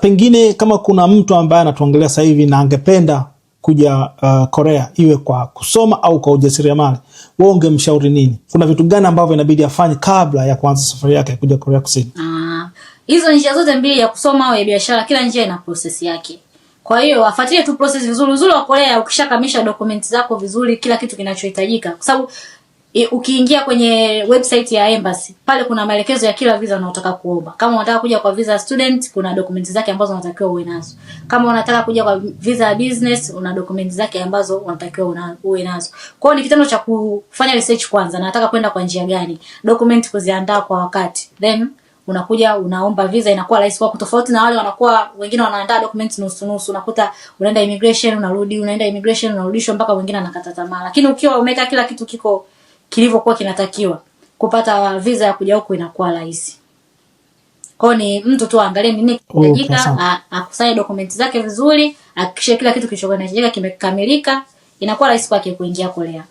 Pengine kama kuna mtu ambaye anatuangalia sasa hivi na angependa kuja uh, Korea iwe kwa kusoma au kwa ujasiriamali, wewe ungemshauri nini? Kuna vitu gani ambavyo inabidi afanye kabla ya kuanza safari yake ya kuja Korea Kusini? Ah, hizo njia zote mbili, ya kusoma au ya biashara, kila njia ina process yake. Kwa hiyo wafuatilie tu process vizuri. Uzuri wa Korea, ukishakamisha dokumenti zako vizuri, kila kitu kinachohitajika, kwa sababu ukiingia kwenye website ya embassy pale kuna maelekezo ya kila visa unaotaka kuomba. Kama unataka kuja kwa visa student, kuna dokumenti zake ambazo unatakiwa uwe nazo. Kama unataka kuja kwa visa ya business, una dokumenti zake ambazo unatakiwa uwe nazo. Kwa hiyo ni kitendo cha kufanya research kwanza, na nataka kwenda kwa njia gani, dokumenti kuziandaa kwa wakati, then unakuja unaomba visa, inakuwa rahisi kwako, tofauti na wale wanakuwa wengine wanaandaa documents nusu nusu. Unakuta unaenda immigration unarudi, unaenda immigration unarudishwa, mpaka wengine anakata tamaa, lakini ukiwa umeka kila kitu kiko kilivyokuwa kinatakiwa, kupata visa ya kuja huku inakuwa rahisi. Kwa ni mtu tu aangalie nini oh, kinahitajika, oh, akusanye dokumenti zake vizuri, ahakikishe kila kitu kilichokuwa kinahitajika kimekamilika, inakuwa rahisi kwake kuingia Korea.